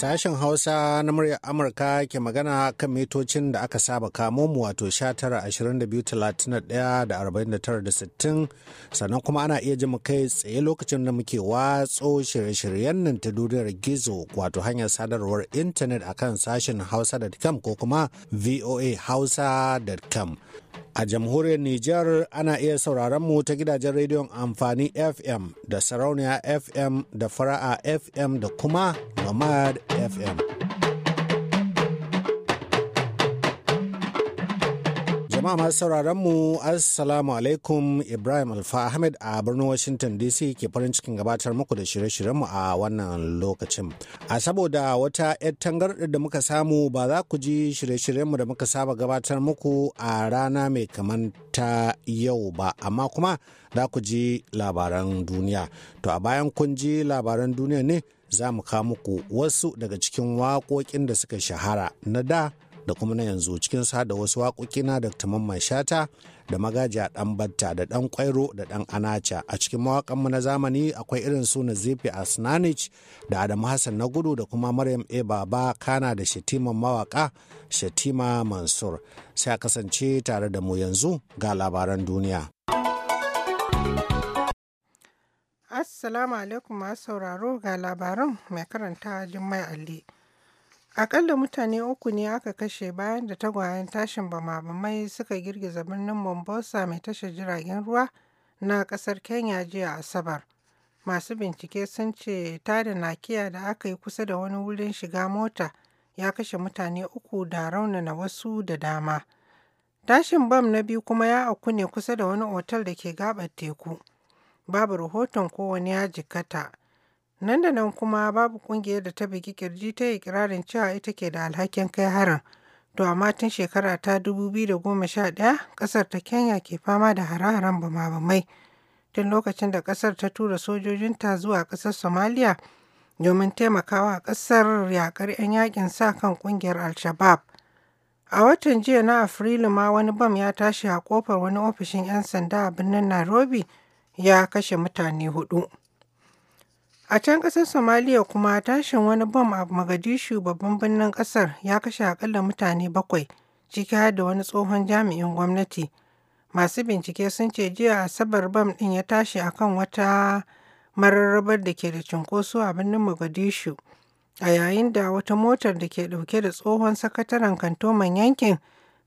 Sashen Hausa na murya Amurka ke magana kan mitocin da aka saba kamo mu wato 19 22 49 60 sannan kuma ana iya mu kai tsaye lokacin da muke watso shirye-shiryen nan ta duniyar gizo wato hanyar sadarwar intanet akan sashen hausa.com ko kuma voahausa.com. A jamhuriyar Nijar ana iya sauraron mu ta gidajen rediyon amfani FM da sarauniya FM da fara'a FM da kuma Nomad FM. Jama'a masu sauraron mu Assalamu alaikum Ibrahim Alfa Ahmed a birnin Washington DC ke farin cikin gabatar muku da shirye mu a wannan lokacin. A saboda wata 'yar tangarɗa da muka samu ba za ku ji shirye shiryen mu da muka saba gabatar muku a rana mai kaman ta yau ba, amma kuma za ku ji labaran duniya. To a bayan kun ji labaran duniya ne za mu kawo muku wasu daga cikin waƙoƙin da suka shahara na da da kuma na yanzu cikin sa da wasu waƙoƙi na Dr. Mamman Shata da magaja ɗan batta da ɗan kwairo da ɗan anacha a cikin mawaƙanmu na zamani akwai irin su na zefi asnanich da adamu hassan na gudu da kuma maryam e baba kana da shatiman mawaƙa shatima mansur sai a kasance tare da mu yanzu ga labaran duniya assalamu alaikum masu sauraro ga labaran mai karanta jummai ali Akalla mutane uku ne aka kashe bayan da tagwayen tashin bama-bamai suka girgiza birnin Mombasa mai tashar jiragen ruwa na ƙasar Kenya jiya Asabar. Masu bincike sun ce na kiya da aka yi kusa da wani wurin shiga mota ya kashe mutane uku da raunana wasu da dama. Tashin bam na biyu kuma ya auku ne kusa da wani otal da ke gabar teku. Babu rahoton kowane ya jikkata. Nan da nan kuma babu ƙungiyar da ta bugi kirji ta yi kirarin cewa ita ke da alhakin kai harin. To amma tun shekara ta 2011 ƙasar ta Kenya ke fama da hare-haren bama Tun lokacin da ƙasar ta tura sojojinta zuwa ƙasar Somalia domin taimakawa ƙasar yaƙar 'yan yakin sa kan ƙungiyar Alshabab. A watan jiya na Afrilu ma wani bam ya tashi a ƙofar wani ofishin 'yan sanda a birnin Nairobi ya kashe mutane hudu. A can ƙasar Somaliya kuma tashin wani bom a magadishu babban birnin ƙasar ya kashe akalla mutane bakwai ciki har da wani tsohon jami'in gwamnati. Masu bincike sun ce jiya Asabar bom ɗin ya tashi akan wata mararrabar da ke da cunkoso a birnin magadishu a yayin da wata motar da ke ɗauke da tsohon sakataren kantoman yankin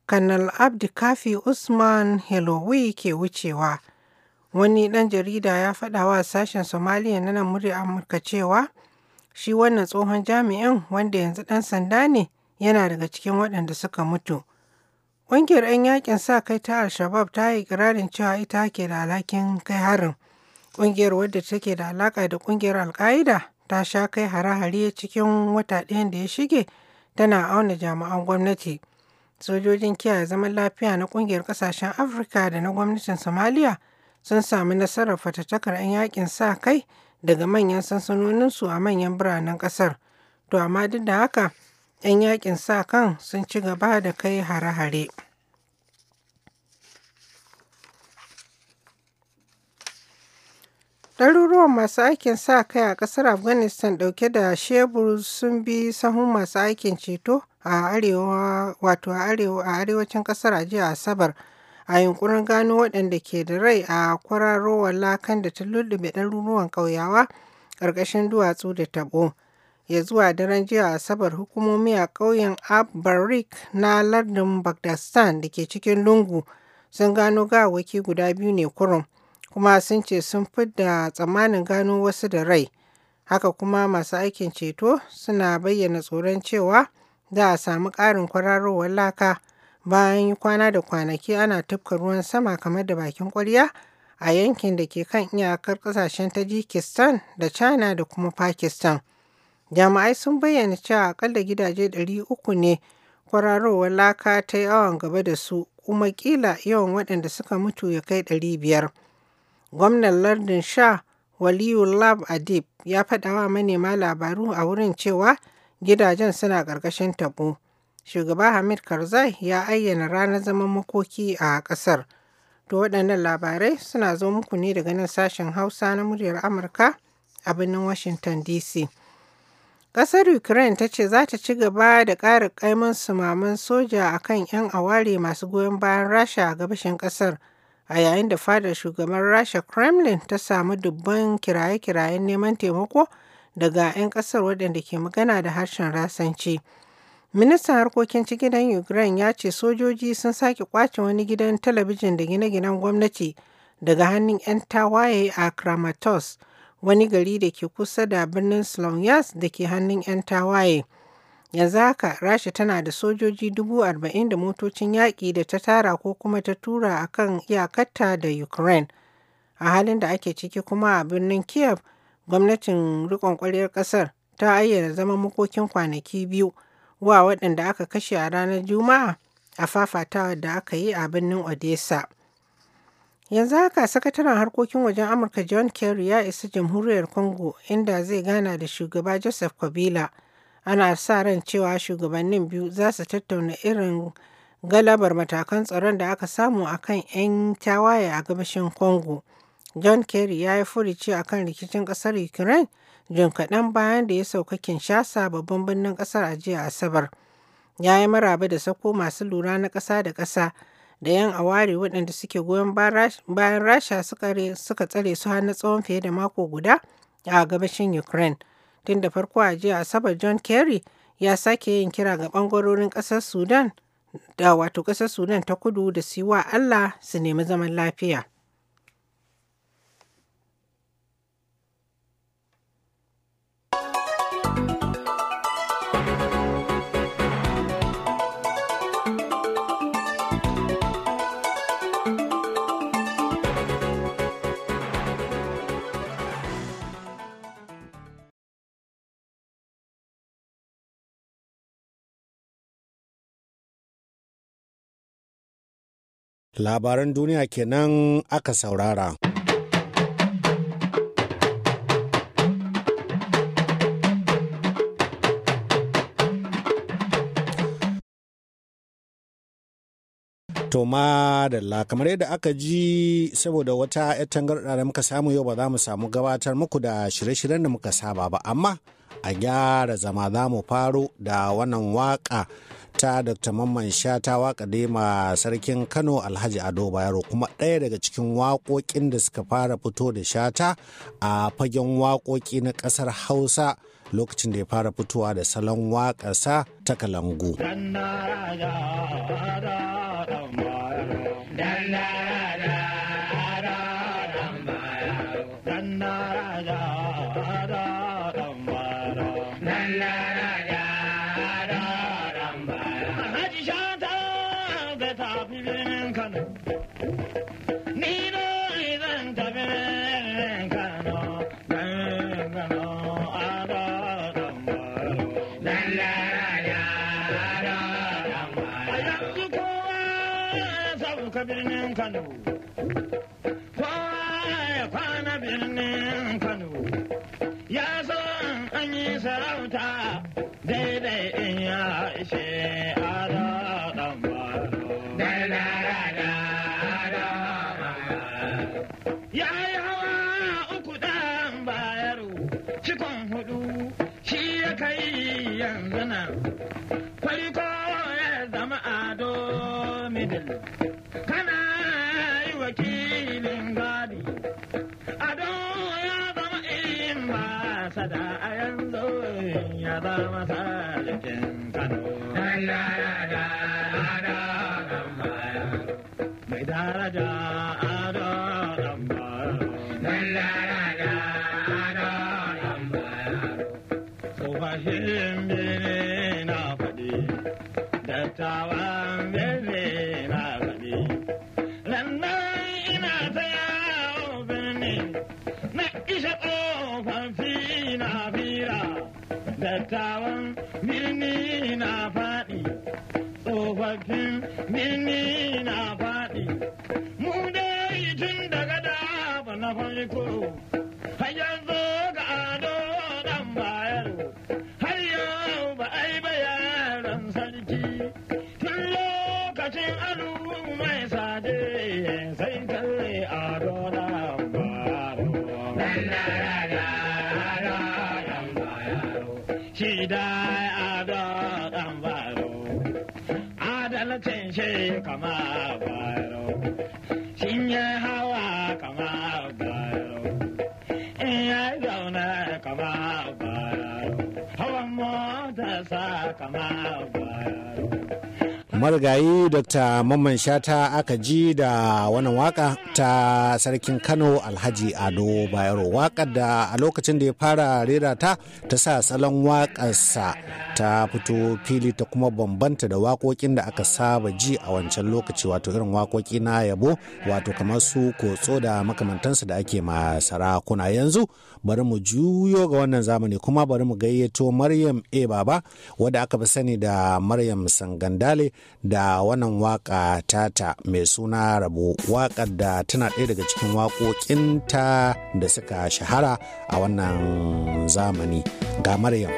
Kanal Abdi Kafi Usman Helowi ke wucewa. Wani ɗan jarida ya faɗa wa sashen Somaliya na nan muryar Amurka cewa shi wannan tsohon jami'in wanda yanzu ɗan sanda ne yana daga cikin waɗanda suka mutu. Ƙungiyar 'yan yakin sa kai ta Al-Shabab ta yi ƙirarin cewa ita ke da alhakin kai harin. Ƙungiyar wadda take da alaƙa da ƙungiyar Al-Qaida ta sha kai hare-hare cikin wata ɗayan da ya shige tana auna jami'an gwamnati. Sojojin kiyaye zaman lafiya na ƙungiyar ƙasashen Afirka da na gwamnatin Somaliya sun sami nasarar fatattakar 'yan yakin sa kai daga manyan sansanoninsu a manyan biranen ƙasar. To amma duk da haka, 'yan yakin sa kan sun ci gaba da kai hare-hare. ɗaruruwan masu aikin sa kai a ƙasar afghanistan ɗauke da shebur sun bi sahun masu aikin ceto a arewa a arewacin ƙasar a jiya asabar a yunkurin gano waɗanda ke da rai a kwararowar lakan da ta lullube ɗaruruwan ƙauyawa ƙarƙashin duwatsu da taɓo. Ya zuwa daren jiya Asabar hukumomi a ƙauyen Abbarik na lardin Bagdastan da ke cikin lungu sun gano gawaki guda biyu ne kurum kuma sun ce sun da tsammanin gano wasu da rai. Haka kuma masu aikin ceto suna bayyana tsoron cewa za a samu ƙarin kwararowar laka. bayan kwana da kwanaki ana tufka ruwan sama kamar da bakin ƙwarya a yankin da ke kan iyakar ƙasashen tajikistan da china da kuma pakistan jami'ai sun bayyana cewa akalla gidaje 300 ne kwararowar laka ta yawan gaba da su kuma kila yawan waɗanda suka mutu ya kai 500 gwamnan lardin sha Lab adib ya faɗawa manema labaru a wurin cewa gidajen suna ƙarƙashin taɓo shugaba Hamid Karzai ya ayyana ranar zaman makoki a ƙasar. To waɗannan labarai suna zo muku ne daga nan sashen Hausa na muryar Amurka a birnin Washington DC. Ƙasar Ukraine ta ce za ta ci gaba da ƙara ƙaiman sumaman soja a kan 'yan aware masu goyon bayan Rasha a gabashin ƙasar, a yayin da fadar shugaban Rasha Kremlin ta samu dubban kiraye-kirayen neman taimako daga 'yan ƙasar waɗanda ke magana da harshen Rasanci. Ministan harkokin cikin Ukraine ya ce sojoji sun sake kwace wani gidan talabijin da gine-ginen gwamnati daga hannun 'yan tawaye a Kramatos, wani gari da ke kusa da birnin Slovyansk da ke hannun 'yan tawaye. Yanzu haka, Rasha tana da sojoji dubu arba'in da motocin yaƙi da ta tara ko kuma ta tura a kan iyakarta da Ukraine. A halin da ake ciki kuma a birnin Kiev, gwamnatin riƙon ƙasar ta ayyana zaman makokin kwanaki biyu. wa waɗanda aka kashe a ranar Juma'a a fafatawa da aka yi a birnin Odessa. Yanzu haka sakataren harkokin wajen Amurka John Kerry ya isa jamhuriyar Congo inda zai gana da shugaba Joseph Kabila. Ana sa ran cewa shugabannin biyu za su tattauna irin galabar matakan tsaron da aka samu a kan 'yan tawaye a gabashin Congo. John Kerry ya yi furici a kan rikicin ƙasar Ukraine jin kaɗan bayan da ya sauka Kinshasa babban birnin ƙasar a jiya Asabar. Ya yi maraba da sako masu lura na ƙasa da ƙasa da 'yan aware waɗanda suke goyon bayan Rasha suka tsare su har na tsawon fiye da mako guda a gabashin Ukraine. Tun da farko a jiya Asabar John Kerry ya sake yin kira ga ɓangarorin ƙasar Sudan da wato ƙasar Sudan ta kudu da wa Allah su nemi zaman lafiya. Labaran duniya kenan aka saurara. to madalla kamar yadda aka ji saboda wata 'yar tangarɗa da muka samu yau ba za mu samu gabatar muku da shirye-shiryen da muka saba ba amma a gyara zama za mu faro da wannan waka ta dr mamman sha ta waka dema sarkin kano alhaji ado bayero kuma ɗaya daga cikin waƙoƙin da suka fara fito da shata a fagen waƙoƙi na ƙasar hausa lokacin da ya fara fitowa da salon waƙasa ta kalangu. kabirinin kanı bu. bar masa jikin kano. Mai daraja ado lambar. Mai daraja ado lambar. So fashin bini na faɗi, dattawan bini. Minnie, Minnie, oh, Minnie, tsofaffin birni marigayi dr mamman shata aka ji da wannan waka ta sarkin kano alhaji ado bayero wakar da a lokacin da ya fara rera ta ta sa salon wakarsa ta fito fili ta kuma bambanta da wakokin da aka saba ji a wancan lokaci wato irin wakoki na yabo wato kamar su kotso da makamantansu da ake ma sarakuna yanzu bari mu juyo ga wannan zamani kuma bari mu gayyato maryam e baba wadda aka fi sani da maryam sangandale da wannan waka tata mai suna rabo wakar da tana ɗaya daga cikin wakokinta da suka shahara a wannan zamani ga maryam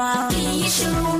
around.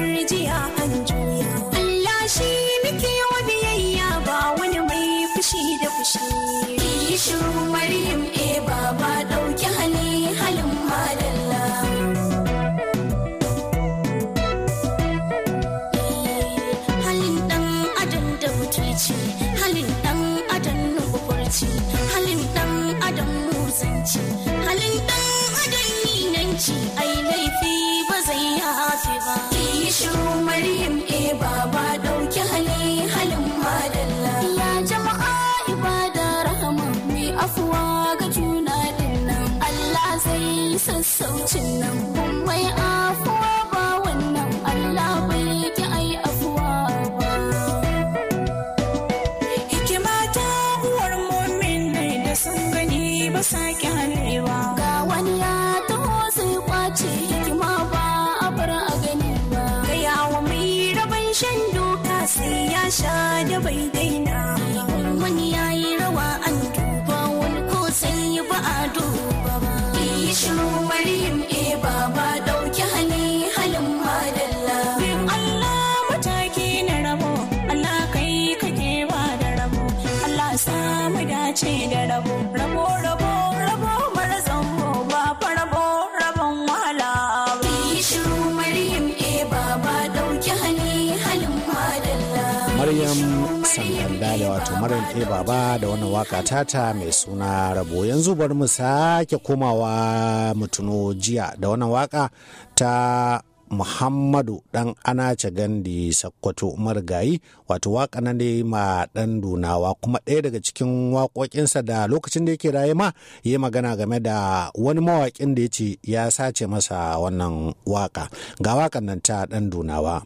Maryam ke Baba da wannan waka tata mai suna rabo yanzu bari mu sake komawa mutuno jiya da wannan waka ta Muhammadu dan Anace Gandi Sakkwato Marigayi wato waka na ne ma dan Dunawa kuma ɗaya daga cikin waƙoƙinsa da lokacin da yake raye ma ya magana game da wani mawakin da ya ce ya sace masa wannan waka ga wakan nan ta dan Dunawa.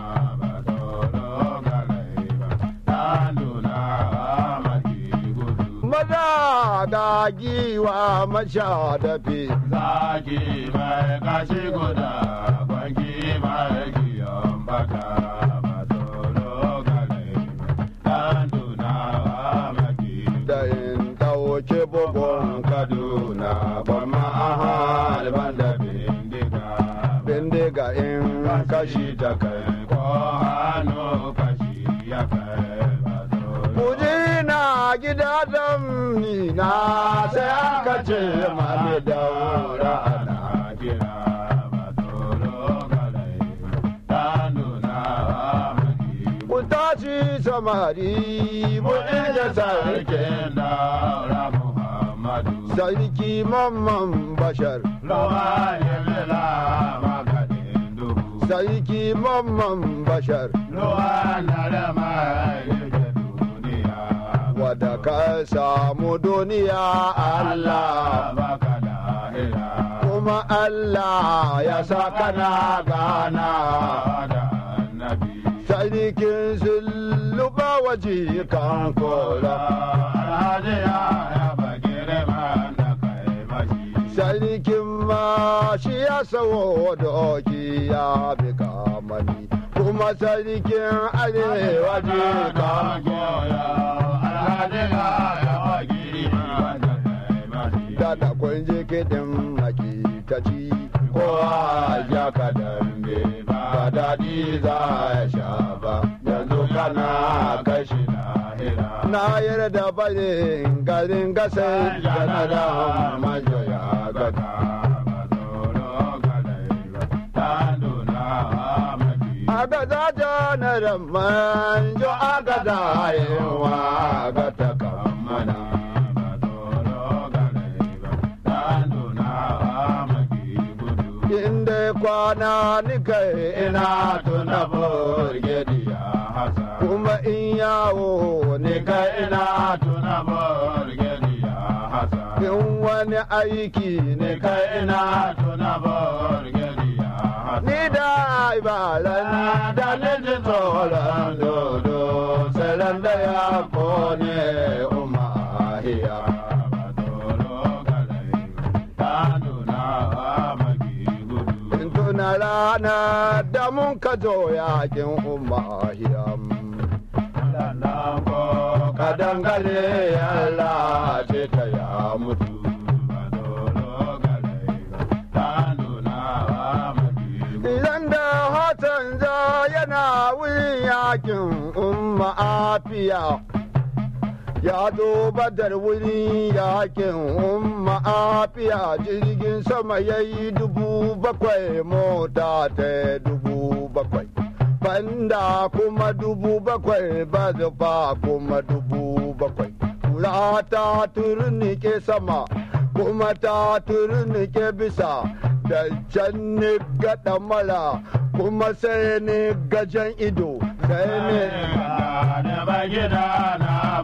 sha da giwa masha da Zagi mai kashi guda, kwanki mai giyon baka. bugun Kaduna ba ma da bindiga. Bindiga in kashi daka kai ko gida dan na sai aka ce mani daura na kira Ku tashi samari mu inda sarkin daura Muhammadu. Sarki mamman bashar. Lawa ya sarki mamman bashar. ruwa na da mai da ka samu duniya Allah baka kuma Allah ya sa kana gana da annabi sarkin sulluba waje kan kola alhaji ya bagire na kai maji ma shi ya sawo doki ya bi kamani kuma sarkin arewa duka ka alhaji na je kiɗin maki ta ci kowa ya ka dambe ba daɗi za a sha ba yanzu kana kashi na hira na yarda bane garin gasa da na da majoya gata agada janar manjo agada yawa agata kamana Inde kwana ni nika ina tuna burgediya hasa kuma in yawo ni nika ina tuna burgediya hasa in wani aiki ni nika ina tuna burgediya ni da ibala ni da leji tsoron dodo salon da ya kone umahiya Tuna rana da mun ka zo yakin umahiyam. Kadan gale Allah ce ta ya mutu. yana yakin umma afiya ya zo da wuri yakin umma afiya jirgin sama ya yi dubu bakwai mota ta dubu bakwai banda kuma dubu bakwai bazufa kuma dubu bakwai kura ta turnike sama kuma ta turnike bisa da can gaɗa mala kuma sai ne gajen ido sai ne. da bagida na na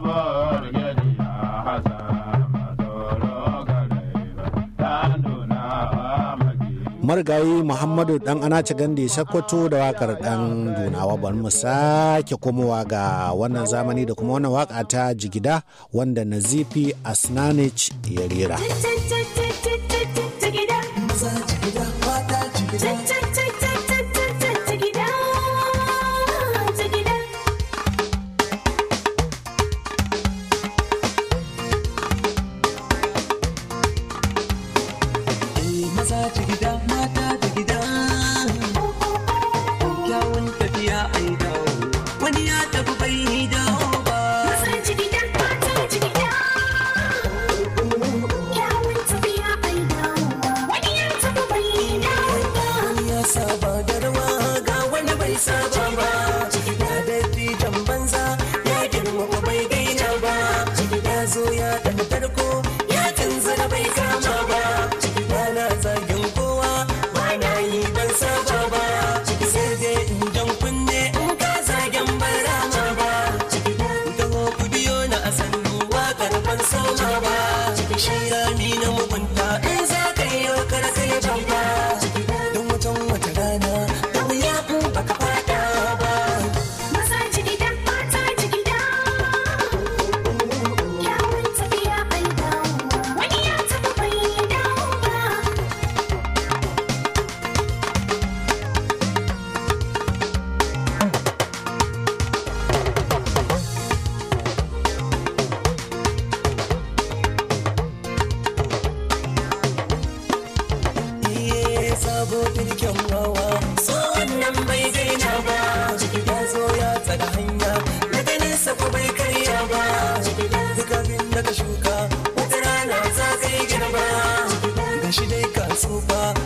marigayi muhammadu dan anace gandi sakwato da wakar dan dunawa bari mu sake komowa ga wannan zamani da kuma wannan waka ta jigida wanda nazifi asnanich ya rera da shuka wata rana za ka yi girma gashi dai ka tsufa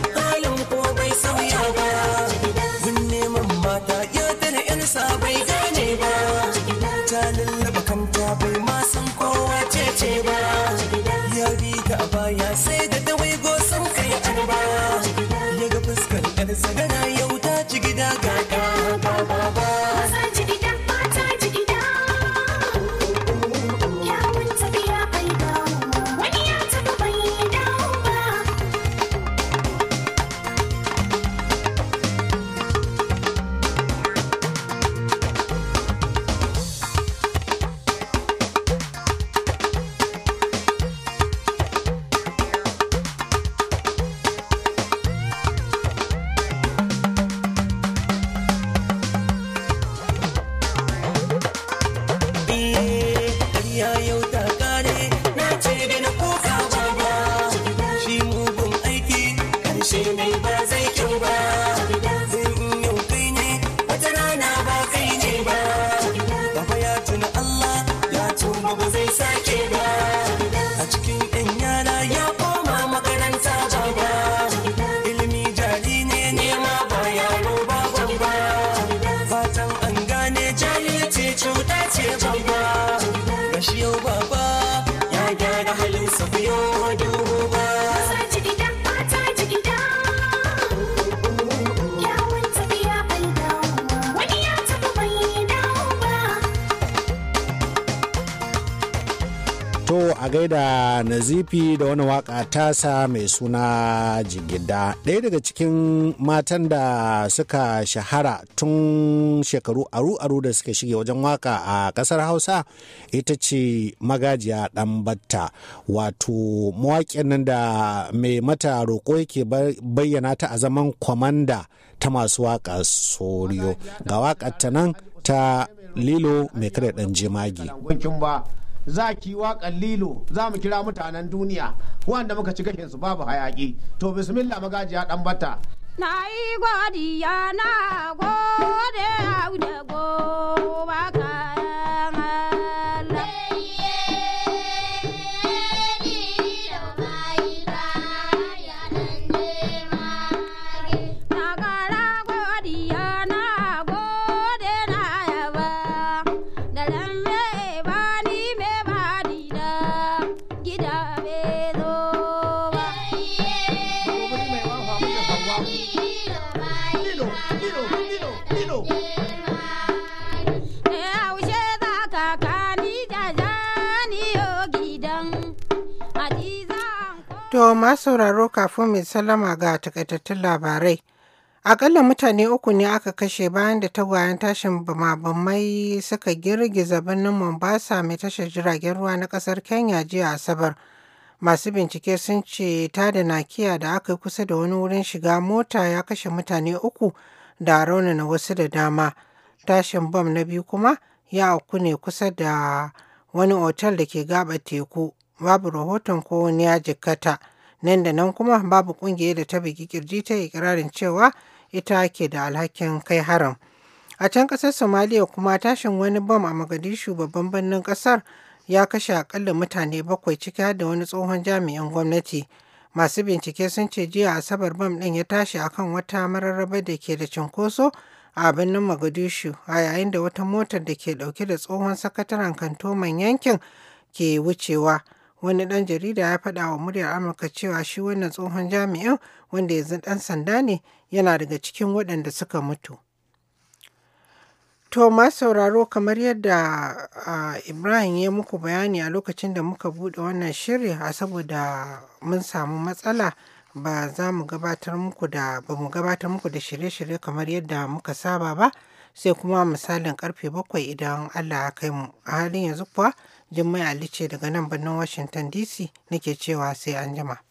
nazifi da wani waka tasa mai suna jigida ɗaya daga cikin matan da suka shahara tun shekaru aru-aru da suka shige wajen waka a ƙasar hausa ita ce magajiya ɗan batta wato mawaƙin nan da mai mata roƙo yake bayyana ta a zaman kwamanda ta masu waka soriyo ga wakar ta nan ta lilo mai kada ɗan jemage za kiwa lilo za mu kira mutanen duniya wanda muka ci gashin su babu hayaki to bismillah magajiya dan bata na yi godiya na gode da gobe To ma sauraro kafin mai sallama ga takaitattun labarai. Akalla mutane uku ne aka kashe bayan da tagwayen tashin bamabamai suka girgiza birnin Mombasa mai tashar jiragen ruwa na kasar Kenya jiya Asabar. Masu bincike sun ce ta da nakiya da aka yi kusa da wani wurin shiga mota ya kashe mutane uku da na wasu da dama. Tashin bam na biyu kuma ya auku ne kusa da wani otal da ke gaba teku. Babu rahoton ko wani ya jikkata. nan da nan kuma babu ƙungiyar da ta bugi kirji ta ikirarin cewa ita ke da alhakin kai haram a can ƙasar somaliya kuma tashin wani bom a magadishu babban birnin ƙasar ya kashe akalla mutane bakwai ciki har da wani tsohon jami'in gwamnati masu bincike sun ce jiya asabar bom ɗin ya tashi akan wata mararraba da ke da cunkoso a birnin magadishu a yayin da wata motar da ke ɗauke da tsohon sakataren kantoman yankin ke wucewa Wani ɗan jarida ya faɗa wa muryar Amurka cewa shi wannan tsohon jami'in wanda yanzu ɗan sanda ne yana daga cikin waɗanda suka mutu. To ma sauraro kamar yadda Ibrahim ya muku bayani a lokacin da muka buɗe wannan shiri a saboda mun samu matsala ba za mu gabatar muku da ba mu gabatar muku da shirye-shirye kamar yadda muka saba ba sai kuma misalin karfe bakwai idan Allah ya kai mu a halin yanzu kuwa Jummai Ali ce daga nan birnin Washington DC nake cewa sai anjima.